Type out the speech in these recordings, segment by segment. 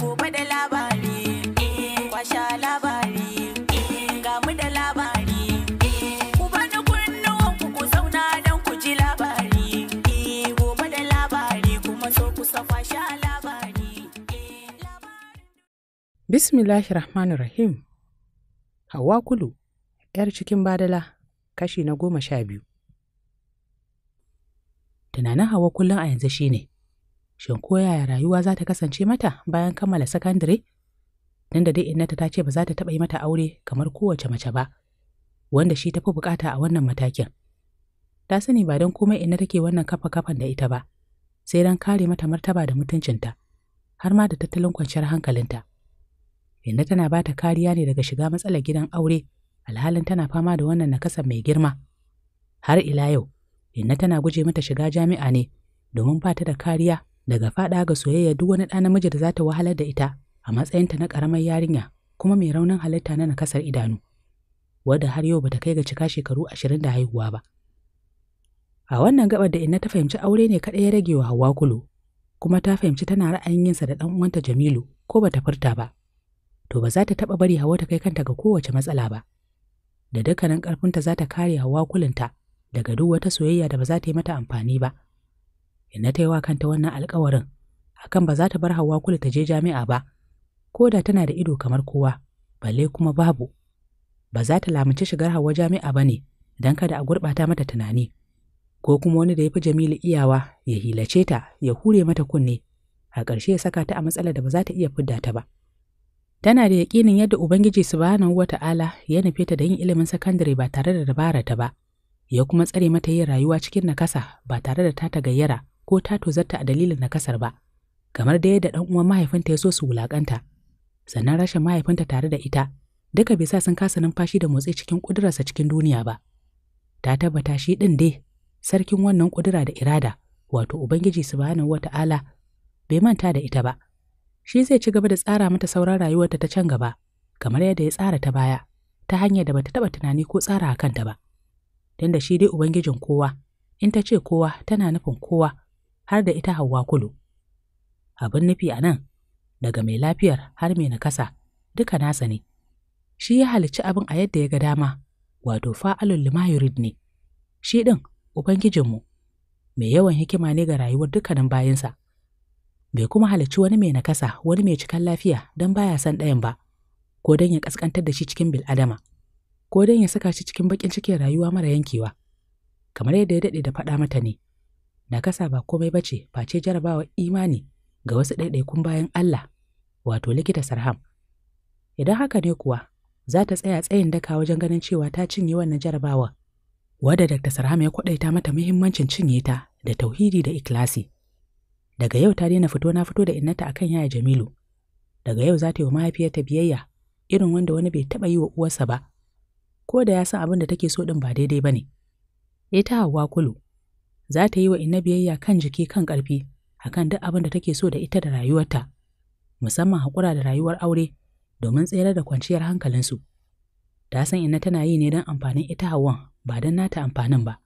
gobe da labari eh, kwasha labari eh, ga mu da labari eh, ku bani kunnuwan ku ku zauna don ku ji labari gobe da labari kuma so ku kwasha labari bismillahir rahmanir rahim hawa kulu yar cikin badala kashi na goma sha biyu tunanin hawa kullum a yanzu shine Shin ko yaya rayuwa za ta kasance mata bayan kammala sakandare? Nan da dai innata ta ce ba za ta taɓa yi mata aure kamar kowace mace ba, wanda shi tafi bukata a wannan matakin. Ta sani ba don komai inna take wannan kafa kafan da ita ba, sai don kare mata martaba da mutuncinta, har ma da tattalin kwanciyar hankalinta. Inna tana ba ta kariya ne daga shiga matsalar gidan aure, alhalin tana fama da wannan nakasa mai girma. Har ila yau, Inna tana guje mata shiga jami'a ne domin ba ta da kariya daga faɗa ga soyayya duk wani ɗa namiji da za ta wahalar da ita a matsayinta na ƙaramar yarinya kuma mai raunin halitta na nakasar idanu, wadda har yau bata kai ga cika shekaru ashirin da haihuwa ba. A wannan gabar da Inna ta fahimci aure ne kaɗai ya rage wa Hauwa Kulu, kuma ta fahimci tana ra'ayin yinsa da ɗan uwanta Jamilu ko bata furta ba. To ba za ta taɓa bari hawa ta kai kanta ga kowace matsala ba. Da dukkanin ƙarfinta za ta kare Hauwa Kulunta daga duk wata soyayya da ba za ta yi mata amfani ba. Inna ta yi wa kanta wannan alkawarin, akan ba za ta bar Hauwa kula ta je jami'a ba, ko da tana da ido kamar kowa, balle kuma babu. Ba za ta lamunci shigar Hauwa jami'a ba ne, don kada a gurɓata mata tunani. Ko kuma wani da ya fi Jamilu iyawa ya hilace ta ya hure mata kunne, a ƙarshe ya saka ta a matsalar da ba za ta iya fidda ta ba. Tana da yaƙinin yadda Ubangiji Subhanahu wata'ala ta'ala ya nufe ta da yin ilimin sakandare ba tare da dabara ta ba, ya kuma tsare mata yin rayuwa cikin nakasa ba tare da ta ta gayyara. ko ta tozarta a dalilin nakasar ba, kamar da yadda ɗan uwan mahaifinta ya so su wulaƙanta. Sannan rashin mahaifinta tare da ita, duka bai sa sun kasa numfashi da motsi cikin ƙudurarsa cikin duniya ba. Ta tabbata shi ɗin dai, sarkin wannan ƙudura da irada, wato Ubangiji su Subhanahu wata ta'ala, bai manta da ita ba. Shi zai ci gaba da tsara mata sauran rayuwarta ta can gaba, kamar yadda ya tsara ta baya, ta hanyar da bata taɓa tunani ko tsara a kanta ba. Tunda shi dai Ubangijin kowa, in ta ce kowa tana nufin kowa, har da ita Hauwa Kulu. Abin nufi a nan, daga mai lafiyar har mai nakasa, duka nasa ne. Shi ya halicci abin a yadda ya ga dama, wato fa'alun limayurid ne. Shi ɗin, Ubangijinmu, mai yawan hikima ne ga rayuwar dukkanin bayansa. Bai kuma halicci wani mai nakasa, wani mai cikan lafiya don baya son ɗayan ba, ko don ya ƙasƙantar da shi cikin bil'adama, ko don ya saka shi cikin baƙin cikin rayuwa mara yankewa. Kamar yadda ya daɗe da faɗa mata ne, Na kasa ba komai bace face jarabawa imani ga wasu ɗaiɗaikun bayan Allah, wato likita Sarham. Idan haka ne kuwa, za ta tsaya tsayin daka wajen ganin cewa ta cinye wannan jarabawa, wadda Dr. Sarham ya kwaɗaita mata muhimmancin cinye ta da tauhidi da ikilasi. Daga yau ta daina fito na fito da innata akan yaya Jamilu. Daga yau za ta yi wa mahaifiyarta biyayya irin wanda wani bai taɓa yi wa uwarsa ba, ko da ya san abin da take so ɗin ba daidai ba ne. Ita Hauwa Kulu, za ta yi wa inna biyayya kan jiki kan ƙarfi kan duk abin da take so da ita da rayuwarta musamman haƙura da rayuwar aure domin tsere da kwanciyar hankalinsu ta san inna tana yi ne don amfanin ita hawan ba don nata amfanin ba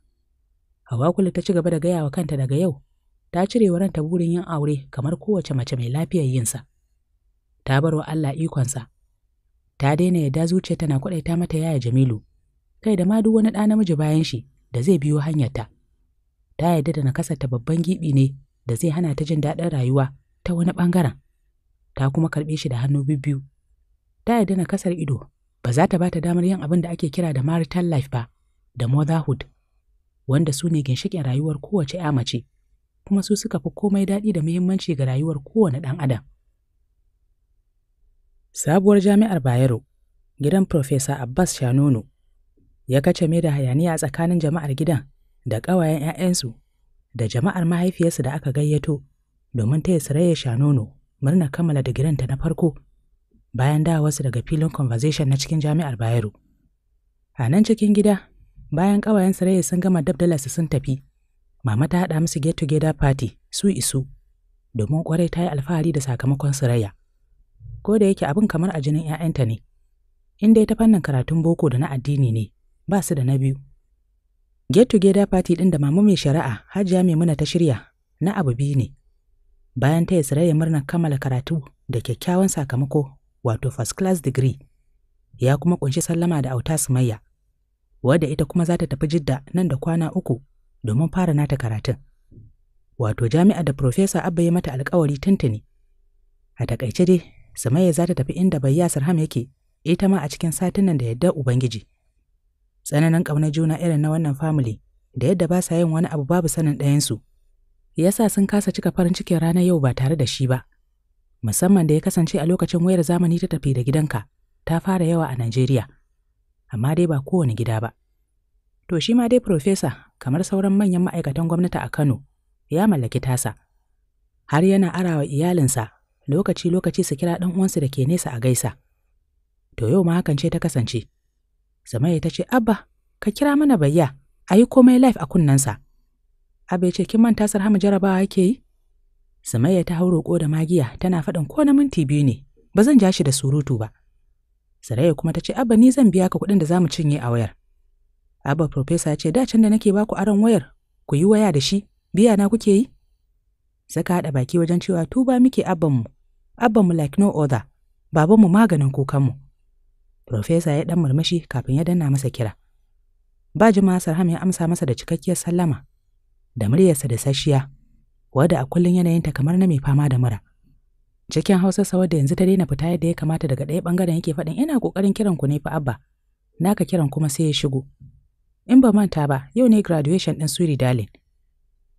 hawa kula ta ci gaba da gaya wa kanta daga yau ta cire wa ranta burin yin aure kamar kowace mace mai lafiyar yinsa ta bar wa Allah ikonsa ta daina yadda zuciya tana kwaɗaita mata yaya Jamilu kai da ma duk wani ɗa namiji bayan shi da zai biyo hanyarta. ta yarda da ta babban giɓi ne da zai hana ta jin daɗin rayuwa ta wani ɓangaren. Ta kuma karɓe shi da hannu biyu. Ta yarda nakasar ido ba za ta ba ta damar yin abin da ake kira da marital life ba, da motherhood, wanda su ne ginshiƙin rayuwar kowace ‘ya mace, kuma su suka fi komai daɗi da muhimmanci ga rayuwar kowane ɗan adam. Sabuwar jami'ar Bayero, gidan Profesa Abbas Shanono, ya kace mai da hayaniya tsakanin jama'ar gidan da ƙawayen 'ya'yansu da jama'ar mahaifiyarsu da aka gayyato domin taya Sarayya Shanono murna kammala digirinta na farko bayan wasu daga filin conversation na cikin jami'ar Bayero. A nan cikin gida, bayan ƙawayen Sarayya sun gama dabdalarsu sun tafi, mama ta haɗa musu get together party su isu domin ƙwarai ta yi alfahari da sakamakon Sarayya. Ko da yake abin kamar a jinin 'ya'yanta ne, inda ta fannin karatun boko da na addini ne, ba su da na biyu. Get together party ɗin da mama mai shari'a Hajiya Muna ta shirya na abu biyu ne. Bayan ta ya murnar kammala karatu da kyakkyawan sakamako wato first class degree ya kuma kunshi sallama da auta sumayya wadda ita kuma za ta tafi jidda nan da kwana uku domin fara nata karatun. Wato jami'a da Profesa Abba ya mata alkawari tuntuni. A takaice dai, Sumayya za ta tafi inda Bayya Sarham yake, ita ma a cikin satin nan da yadda Ubangiji. tsananin ƙaunar juna irin na wannan family da yadda ba sa yin wani abu babu sanin ɗayansu. Yasa sun kasa cika farin cikin rana yau ba tare da shi ba. Musamman da ya kasance a lokacin wayar zamani ta tafi da gidanka ta fara yawa a Najeriya. Amma dai ba kowane gida ba. To shi ma dai Profesa, kamar sauran manyan ma'aikatan gwamnati a Kano, ya mallaki tasa. Har yana arawa iyalinsa lokaci-lokaci su kira ɗan uwansu da ke nesa a gaisa. To yau ma hakan ce ta kasance. Zamaya ta ce, Abba, ka kira mana bayya, a yi komai life a kunnansa. Abba ya ce, kin manta sarhama jarabawa yake yi? Zamaya ta hau roƙo da magiya tana faɗin ko na minti biyu ne, ba zan ja shi da surutu ba. Saraya kuma ta ce, Abba ni zan biya ka kuɗin da za mu cinye a wayar. Abba Profesa ya ce, da can da nake baku aron wayar, ku yi waya da shi, biya na kuke yi? Zaka haɗa baki wajen cewa tuba muke abbanmu, mu like no other, babanmu maganin kukanmu. Profesa ya ɗan murmushi kafin ya danna masa kira. Ba jima Sarham ya amsa masa da cikakkiyar sallama, da muryarsa da sashiya, wadda a kullum yanayinta kamar na mai fama da mura. Cikin Hausa sawar da yanzu ta daina fita yadda ya kamata daga ɗaya ɓangaren yake faɗin ina ƙoƙarin kiran ku ne fa abba, naka kiran kuma sai ya shigo. In ba manta ba, yau ne graduation ɗin Suri Dalin.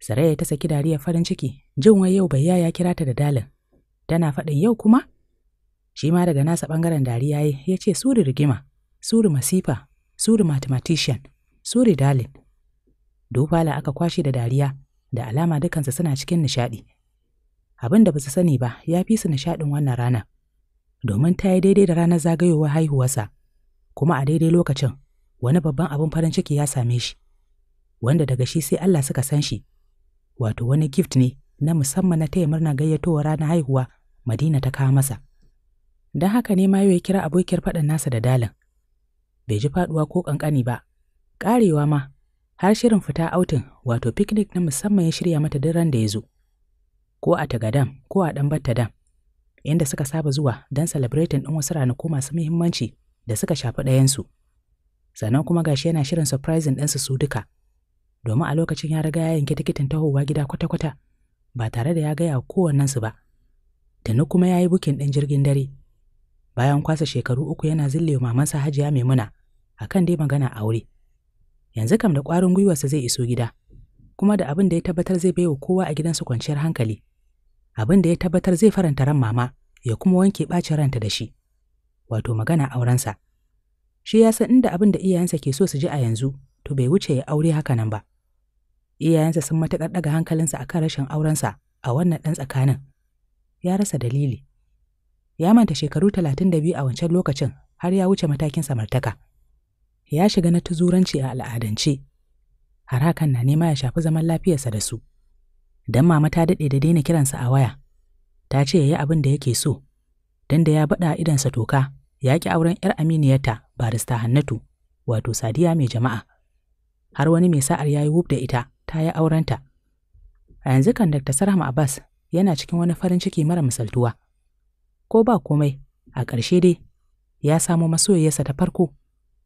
Saraya ta saki dariyar farin ciki, jin wai yau bai ya kira ta da Dalin. Tana faɗin yau kuma? Shi ma daga nasa ɓangaren dariya ya ce suri rigima, suri masifa, suri mathematician, suri dalin. Dubala aka kwashe da dariya, da alama dukansa suna cikin nishaɗi. Abin da ba su sani ba ya fi su nishaɗin wannan rana, domin ta yi daidai da ranar zagayowar haihuwarsa, kuma a daidai lokacin wani babban abin farin ciki ya same shi, wanda daga shi sai Allah suka san shi, wato wani gift ne na musamman na taya murna gayyatowar ranar haihuwa Madina ta kawo masa. Don haka ne yau ya kira abokiyar faɗan nasa da dalin. Bai ji faɗuwa ko ƙanƙani ba, ƙarewa ma, har shirin fita autin wato picnic na musamman ya shirya mata duk ran da ya zo. Ko a Tagadam ko a ɗan Battadam, inda suka saba zuwa don celebrating ɗin wasu ranaku masu muhimmanci da suka shafi ɗayansu. Sannan kuma gashi yana shirin surprising ɗinsu su duka. Domin a lokacin ya riga ya yanke tikitin tahowa gida kwata-kwata, ba tare da ya gaya kowannensu ba. Tani kuma ya yi bukin ɗin jirgin dare. bayan kwasa shekaru uku yana zille mamansa hajiya maimuna a kan dai magana aure yanzu kam da ƙwarin gwiwarsa zai iso gida kuma da abin da ya tabbatar zai baiwa kowa a gidansu kwanciyar hankali abin da ya tabbatar zai faranta ran mama ya kuma wanke ɓacin ranta da shi wato magana aurensa shi ya san inda abin da iyayensa ke so su ji a yanzu to bai wuce ya aure haka nan ba iyayensa sun matuƙar ɗaga hankalinsa akan rashin aurensa a wannan ɗan tsakanin ya rasa dalili ya manta shekaru talatin da biyu a wancan lokacin har ya wuce matakin samartaka. Ya shiga na tuzuranci a al'adance, har hakan na nema ya shafi zaman lafiyarsa da su. Dan mama ta daɗe da daina kiransa a waya, ta ce ya yi abin da yake so, Don da ya baɗa idansa toka, ya ki auren 'yar aminiyarta barista Hannatu, wato sadiya mai jama'a. Har wani mai sa'ar ya yi wub da ita, ta yi aurenta. A yanzu kan Dr. Sarham Abbas yana cikin wani farin ciki mara misaltuwa. ko ba komai a ƙarshe dai ya samo masoyiyarsa ta farko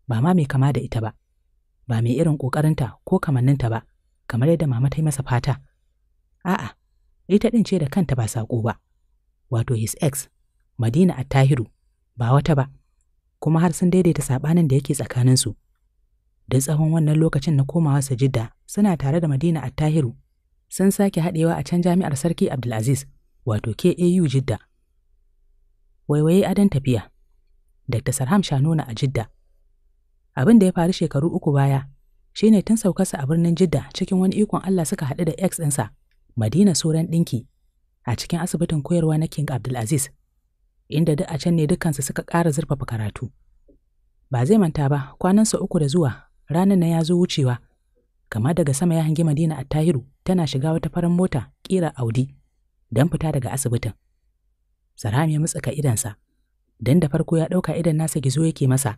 ba ma mai kama da ita ba ba mai irin ƙoƙarinta ko kamanninta ba kamar yadda mama ta yi masa fata a'a ita ɗin ce da kanta ba saƙo ba wato his ex madina attahiru ba wata ba kuma har sun daidaita saɓanin da yake tsakaninsu Duk tsawon wannan lokacin na komawa sajidda suna tare da madina attahiru sun sake haɗewa a can jami'ar sarki abdulaziz wato KAU Jidda. waiwaye adon tafiya. Dr. Sarham Shanona a Jidda. Abin da ya faru shekaru uku baya shi ne tun saukarsa a birnin Jidda cikin wani ikon Allah suka haɗu da ex ɗinsa, Madina Suran Ɗinki, a cikin asibitin koyarwa na King Abdulaziz, inda duk a can ne dukkansu suka ƙara zurfafa karatu. Ba zai manta ba kwanansa uku da zuwa ranar na ya zo wucewa, kama daga sama ya hangi Madina Attahiru tana shiga wata farin mota ƙira Audi don fita daga asibitin. Sarami ya mutsuka idansa, don da farko ya ɗauka idan nasa gizo yake masa,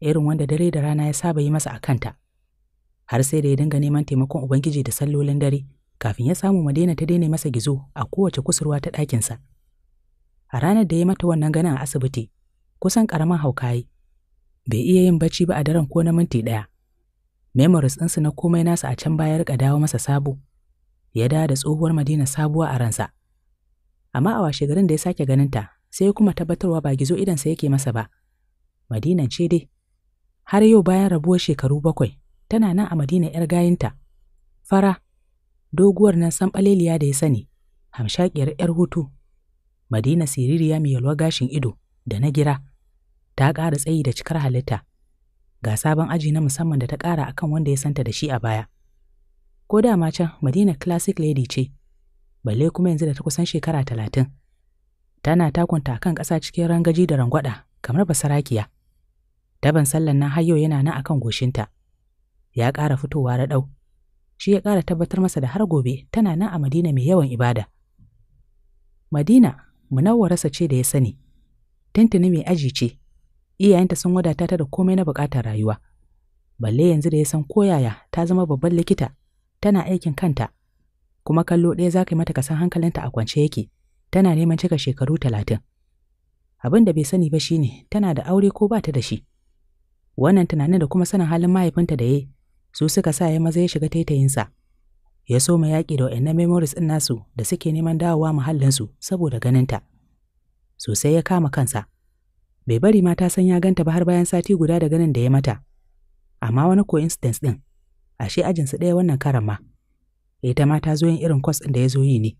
irin wanda dare da rana ya saba yi masa a kanta. Har sai da ya dinga neman taimakon Ubangiji da sallolin dare, kafin ya samu Madina ta daina masa gizo a kowace kusurwa ta ɗakinsa. A ranar da ya mata wannan ganin a asibiti, kusan ƙaramin haukayi. Bai iya yin bacci ba a daren ko na minti ɗaya. Memories ɗinsu na komai nasa a can baya riƙa dawo masa sabo. Ya dawo da tsohuwar Madina sabuwa a ransa. amma a washe garin da ya sake ta sai kuma tabbatarwa ba gizo idansa yake masa ba. madina ce dai, har yau bayan rabuwar shekaru bakwai, tana nan a Madina ‘yar gayinta, fara, doguwar nan baleliya da ya sani, hamshakiyar ‘yar hutu, Madina siririya mai yalwa gashin ido da na gira, ta ƙara tsayi da cikar halitta, ga sabon aji na musamman da ta ƙara akan wanda ya santa da shi a baya. Ko da ma can Madina classic lady ce, balle kuma yanzu da ta kusan shekara talatin. Tana takunta kan ƙasa cikin rangaji da rangwada kamar basarakiya. Daban sallan nan hayo yana nan akan goshinta. Ya ƙara fitowa raɗau. Shi ya ƙara tabbatar masa da har gobe tana nan a Madina mai yawan ibada. Madina munawwararsa ce da ya sani. Tintini mai aji ce. Iyayenta sun wadata ta da komai na buƙatar rayuwa. Balle yanzu da ya san koyaya ta zama babban likita, tana aikin kanta, kuma kallo ɗaya za ka mata kasan hankalinta a kwance yake tana neman cika shekaru talatin abin da bai sani ba shine tana da aure ko bata da shi wannan tunanin da kuma sanin halin mahaifinta da ya su suka sa ya maza ya shiga taitayinsa ya so soma yaƙi da wa'annan memories ɗin nasu da suke neman dawowa muhallinsu saboda ganinta sosai ya kama kansa bai bari mata san ya ganta ba har bayan sati guda da ganin da ya mata amma wani coincidence ɗin ashe ajinsu ɗaya wannan karan ma da ta mata yin irin kwas ɗin da ya zo yi ne,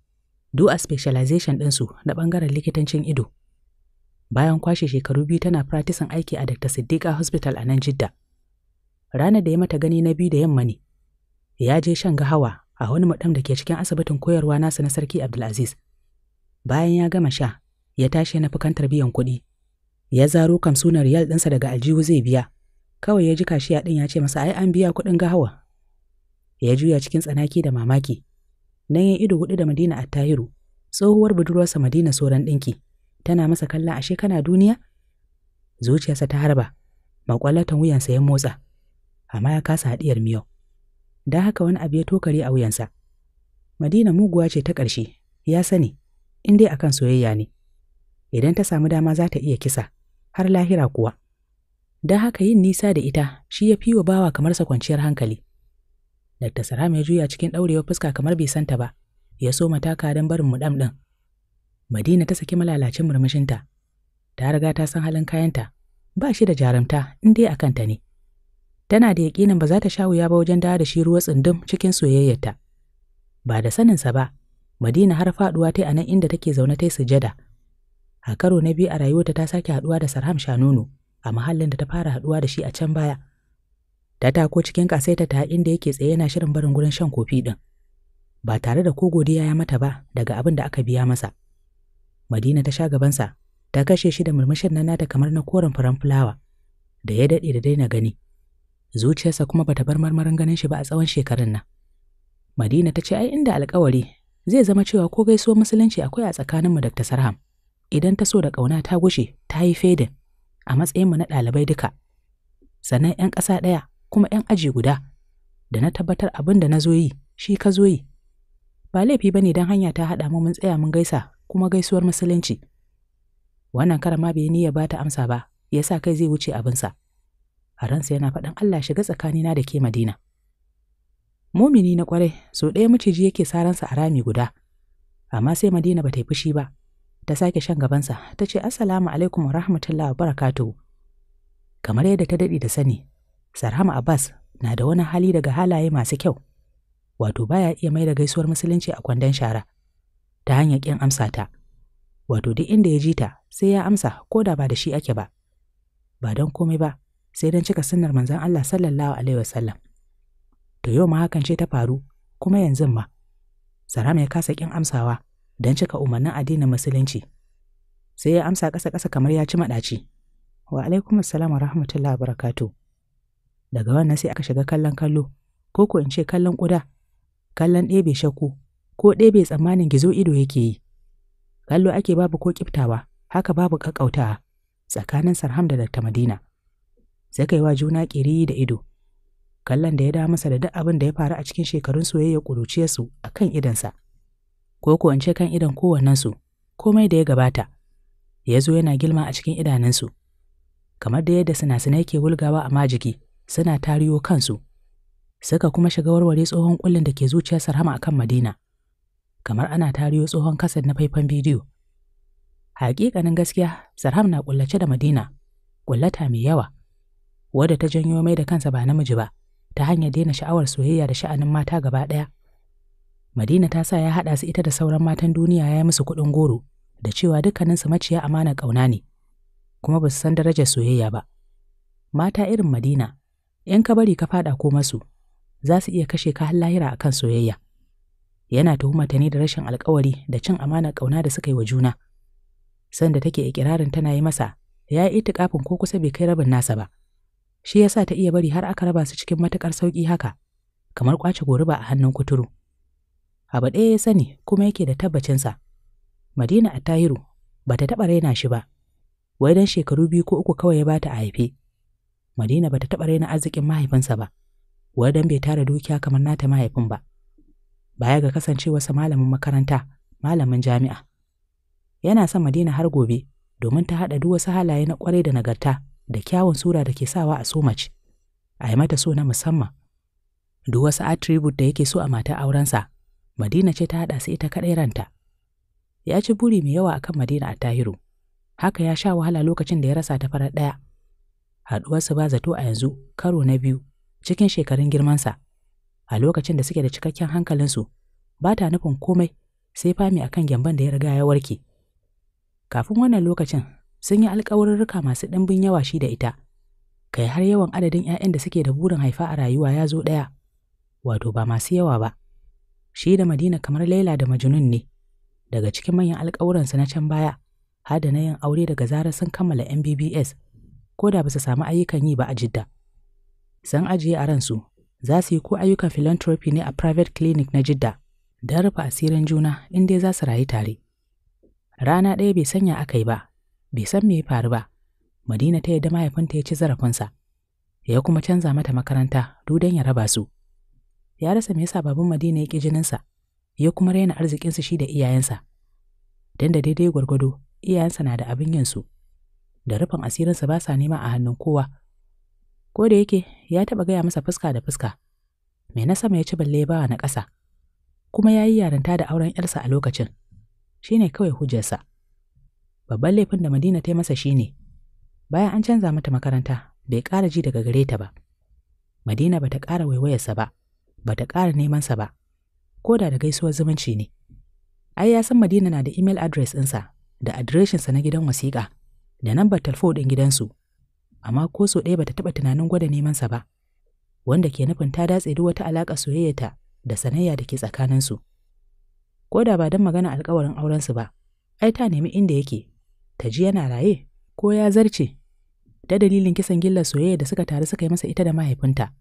duk a specialization ɗinsu na ɓangaren likitancin ido. Bayan kwashe shekaru biyu tana practicing aiki a Dr. Siddiqa Hospital a nan Jidda. Ranar da ya mata gani na biyu da yamma ne, ya je shan gahawa a wani madam da ke cikin asibitin koyarwa nasu na Sarki Abdulaziz. Bayan ya gama sha, ya tashi na fukantar biyan kuɗi. Ya zaro kamsunan riyal ɗinsa daga aljihu zai biya, kawai ya ji kashiya ɗin ya ce masa ai an biya kuɗin gahawa ya juya cikin tsanaki da mamaki nan ya ido hudu da madina a Tahiru, tsohuwar budurwarsa madina soran ɗinki tana masa kalla ashe kana duniya zuciyarsa ta harba makwalatan wuyansa ya motsa amma ya kasa haɗiyar miyau da haka wani abu ya tokare a wuyansa madina muguwa ce ta ƙarshe ya sani in dai akan soyayya ne idan ta samu dama za ta iya kisa har lahira kuwa Da haka yin nisa da ita shi ya fi wa bawa kamar sa kwanciyar hankali Dr. Sara ya juya cikin ɗaurewar fuska kamar bai santa ba, ya so mataka don barin mu dam ɗin. Madina ta saki malalacin murmushinta, ta riga ta san halin kayanta, ba shi da jarumta in dai a kanta ne. Tana da yaƙinin ba za ta sha wuya ba wajen dawo da shi ruwa tsindum cikin soyayyarta. Ba da saninsa ba, Madina har faduwa ta anan inda take zaune ta sujada. A karo na biyu a rayuwarta ta sake haduwa da Sarham Shanunu a mahallin da ta fara haduwa da shi a can baya. ta tako cikin kasaita ta inda yake tsaye yana shirin barin gurin shan kofi ɗin. Ba tare da ko godiya ya mata ba daga abin da aka biya masa. Madina ta sha gabansa, ta kashe shi da murmushin na nata kamar na koren furen fulawa, da ya daɗe da daina gani. Zuciyarsa kuma bata bar marmarin ganin shi ba a tsawon shekarun nan. Madina ta ce ai inda alkawari zai zama cewa ko gaisuwar musulunci akwai a tsakaninmu Dr. Sarham. Idan ta so da ƙauna ta gushe, ta yi fedin a matsayinmu na ɗalibai duka. Sannan 'yan ƙasa ɗaya kuma ‘yan aji guda, da na tabbatar abin da na zo yi, shi ka zo yi. Ba laifi ba ne don hanya ta haɗa mu mun tsaya mun gaisa kuma gaisuwar musulunci. Wannan karan ma bai niyya ba ta amsa ba, ya sa kai zai wuce abinsa. A ransa yana faɗin Allah shiga tsakanina da ke Madina. Mumini na ƙwarai so ɗaya maciji yake sa a rami guda, amma sai Madina ba ta yi fushi ba, ta sake shan gabansa ta ce assalamu alaikum wa rahmatullahi wa barakatuhu kamar yadda ta daɗe da sani Sarhama Abbas na da wani hali daga halaye masu kyau, wato baya iya mai da gaisuwar musulunci a kwandon shara, ta hanyar ƙin amsa ta, wato duk inda ya ji ta sai ya amsa ko da ba da shi ake ba, ba don komai ba, sai don cika sunnar manzon Allah sallallahu alaihi wasallam. To yau ma hakan ce ta faru, kuma yanzu ma. Sarama ya kasa ƙin amsawa don cika umarnin addinin musulunci. Sai ya amsa ƙasa-ƙasa kamar ya ci maɗaci. Wa alaikumussalam wa rahmatullahi wa barakatuh. daga wannan sai aka shiga kallon kallo ko ko in ce kallon ƙuda kallon ɗebe shakku ko ɗebe tsammanin gizo ido yake yi kallo ake babu ko kiftawa haka babu ƙaƙƙautawa tsakanin sarham da dakta madina sai yi wa juna ƙiri da ido kallon da ya da masa da duk abin da ya faru a cikin shekarun soyayya ƙuruciyarsu a kan idonsa. ko ko in ce kan idon kowannensu komai da ya gabata ya zo yana gilma a cikin idanunsu kamar da yadda sinasinai ke wulgawa a majigi suna tariyo kansu, suka kuma shiga warware tsohon ƙullin da ke zuciyar Sarhama akan Madina, kamar ana tariyo tsohon kasar na faifan bidiyo. Haƙiƙanin gaskiya, Sarham na ƙullace da Madina, ƙullata mai yawa, wadda ta janyo mai da kansa ba namiji ba, ta hanyar daina sha'awar soyayya da sha'anin mata gaba ɗaya. Madina ta sa ya haɗa su ita da sauran matan duniya ya yi musu kuɗin goro, da cewa dukkaninsu maciya amana ƙauna ne, kuma ba su san darajar soyayya ba. Mata irin Madina in ka bari ka faɗa ko masu, za su iya kashe ka har lahira akan soyayya. Yana tuhumata ne da rashin alkawari da cin amanar ƙauna da suka yi wa juna. Sanda take ikirarin tana yi masa, ya yi itikafin ko kusa bai kai rabin nasa ba. Shi yasa ta iya bari har aka raba su cikin matuƙar sauƙi haka, kamar kwace goruba a hannun kuturu. Abu ɗaya ya sani kuma yake da tabbacinsa. Madina Tahiru ba ta taɓa raina shi ba, wai dan shekaru biyu ko uku kawai ya bata a haife. Madina bata taɓa raina arzikin mahaifinsa ba, wadan bai tara dukiya kamar nata mahaifin ba. Baya ga kasancewarsa malamin makaranta, malamin jami'a. Yana son Madina har gobe, domin ta haɗa duk wasu halaye na ƙwarai da nagarta da kyawun sura da ke sawa a so mace. A mata so na musamman. Duk wasu attribute da yake so a matar aurensa, Madina ce ta haɗa su ita kaɗai ranta. Ya ci buri mai yawa akan Madina a Tahiru, haka ya sha wahala lokacin da ya rasa ta farar ɗaya. haɗuwarsu ba zato a yanzu karo na biyu cikin shekarun girmansa a lokacin da suke da cikakken hankalinsu ba ta nufin komai sai fami akan gyamban da ya riga ya warke kafin wannan lokacin sun yi alkawarurruka masu ɗimbin yawa shi da ita kai har yawan adadin 'ya'yan da suke da burin haifa a rayuwa ya zo ɗaya wato ba masu yawa ba shi da madina kamar laila da majunun ne daga cikin manyan alkawuransu na can baya har da na yin aure daga zarar sun kammala mbbs ko da ba su samu ayyukan yi ba a Jidda. Sun ajiye a ransu, za su yi ko ayyukan philanthropy ne a private clinic na Jidda, don rufe asirin juna in dai za su rayu tare. Rana ɗaya bai sanya aka yi ba, bai san me ya faru ba. Madina ta yadda mahaifinta ya ci zarafinsa, ya kuma canza mata makaranta dudan ya raba su. Ya rasa me yasa baban Madina ya ƙi jininsa, ya kuma raina arzikinsu shi da iyayensa. Dan da daidai gwargwado, iyayensa na da abin yinsu. su. da rufin asirinsa ba sa nema a hannun kowa. Ko da yake ya taɓa gaya masa fuska da fuska, mai na sama ya ci balle bawa na ƙasa, kuma ya yi yaranta da auren ‘yarsa a lokacin, shi ne kawai hujjarsa. Babban laifin da Madina ta yi masa shi ne, bayan an canza mata makaranta, bai ƙara ji daga gare ta ba. Madina bata ƙara waiwayarsa ba, bata ƙara nemansa ba, ko da da gaisuwar zumunci ne. Ai ya san Madina na da imel address ɗinsa da adireshinsa na gidan wasiƙa. da nambar talfo ɗin gidansu, amma ko so ɗaya bata taɓa tunanin gwada sa ba, wanda ke nufin ta datse duk wata alaƙa soyayyata da sanayya da ke tsakaninsu. Ko da ba don magana alkawarin aurensu ba, ai ta nemi inda yake, ta ji yana raye ko ya zarce, ta dalilin kisan gillar soyayya da suka taru suka yi masa ita da mahaifinta.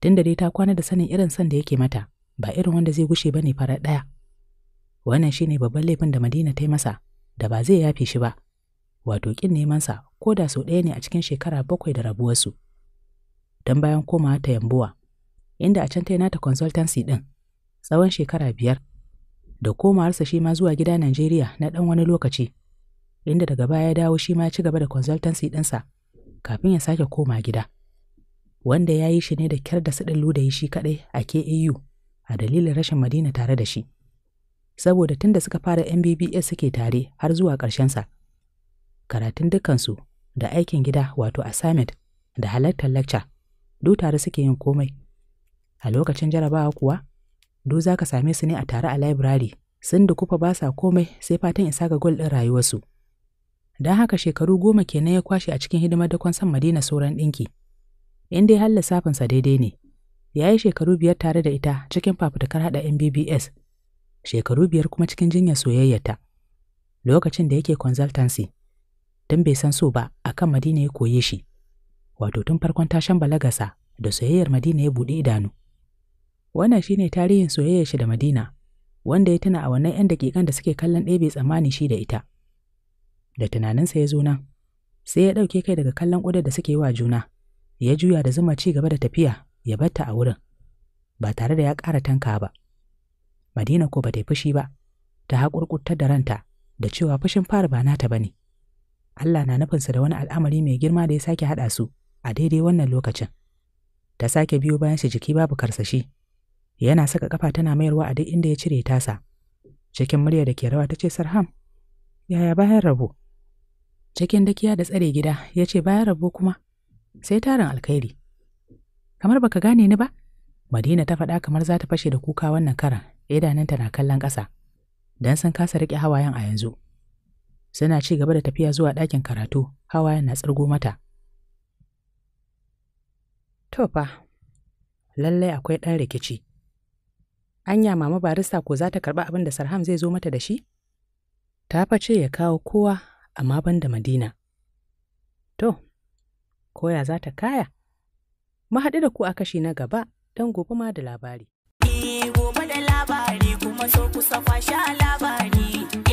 Tun dai ta kwana da sanin irin son da yake mata, ba irin wanda zai gushe ba ne farar ɗaya. Wannan shine babban laifin da Madina ta yi masa, da ba zai yafe shi ba. wato ƙin nemansa ko da sau ɗaya ne a cikin shekara bakwai da rabuwarsu. Don bayan komawa ta yambuwa, inda a can ta nata consultancy ɗin, tsawon shekara biyar, da komawarsa shi ma zuwa gida Najeriya na ɗan wani lokaci, inda daga baya ya dawo shi ma ya ci gaba da consultancy ɗinsa kafin ya sake koma gida. Wanda ya yi shi ne da kyar da su ɗin da yi shi kaɗai a KAU a dalilin rashin Madina tare da shi. Saboda tunda suka fara MBBS suke tare har zuwa ƙarshensa. sa. karatun dukansu da aikin gida wato assignment da halartar lecture duk tare suke yin komai a lokacin jarabawa kuwa duk za ka same su ne a tare a library sun da kufa ba sa komai sai fatan isa ga gol ɗin rayuwarsu don haka shekaru goma kenan ya kwashe a cikin hidimar dakon san madina sauran ɗinki in dai har lissafinsa daidai ne ya yi shekaru biyar tare da ita cikin fafutukar haɗa mbbs shekaru biyar kuma cikin jinyar soyayyarta lokacin da yake consultancy don bai san so ba akan Madina ya koye shi. Wato tun farkon tashan balagasa da soyayyar Madina ya buɗe idanu. Wannan shine tarihin soyayyar shi da Madina, wanda ya tuna a wannan 'yan dakikan da suke kallon ɗaya bai tsammani shi da ita. Da tunaninsa ya zo nan, sai ya ɗauke kai daga kallon ƙudar da suke wa juna, ya juya da zuma ci gaba da tafiya ya batta a wurin, ba tare da ya ƙara tanka ba. Madina ko ba ta yi fushi ba, ta haƙurƙurtar da ranta da cewa fushin fara ba nata ba ne. Allah na nufinsa da wani al'amari mai girma da ya sake haɗa su a daidai wannan lokacin. Ta sake biyo bayan shi jiki babu karsashi. Yana saka kafa tana mayarwa a duk inda ya cire tasa. Cikin murya da ke rawa ta ce Sarham, yaya bayan rabo? Cikin dakiya da tsare gida ya ce bayan rabo kuma sai tarin alkhairi. Kamar baka gane ni ba? Madina ta faɗa kamar za ta fashe da kuka wannan karan, idanunta na kallon ƙasa. Dan sun kasa riƙe hawayen a yanzu. Suna ci gaba da tafiya zuwa ɗakin karatu, hawa yana tsirgo mata. To fa, lallai akwai ɗan rikici. Anya mama barista ko za ta karɓi abin da Sarham zai zo mata da shi? Ta face ya kawo kowa amma ban da Madina. To, koya za ta kaya? Mu haɗu da ku a kashi na gaba don gobe ma da labari. Eh, gobe da labari kuma so kusa kwashe labari.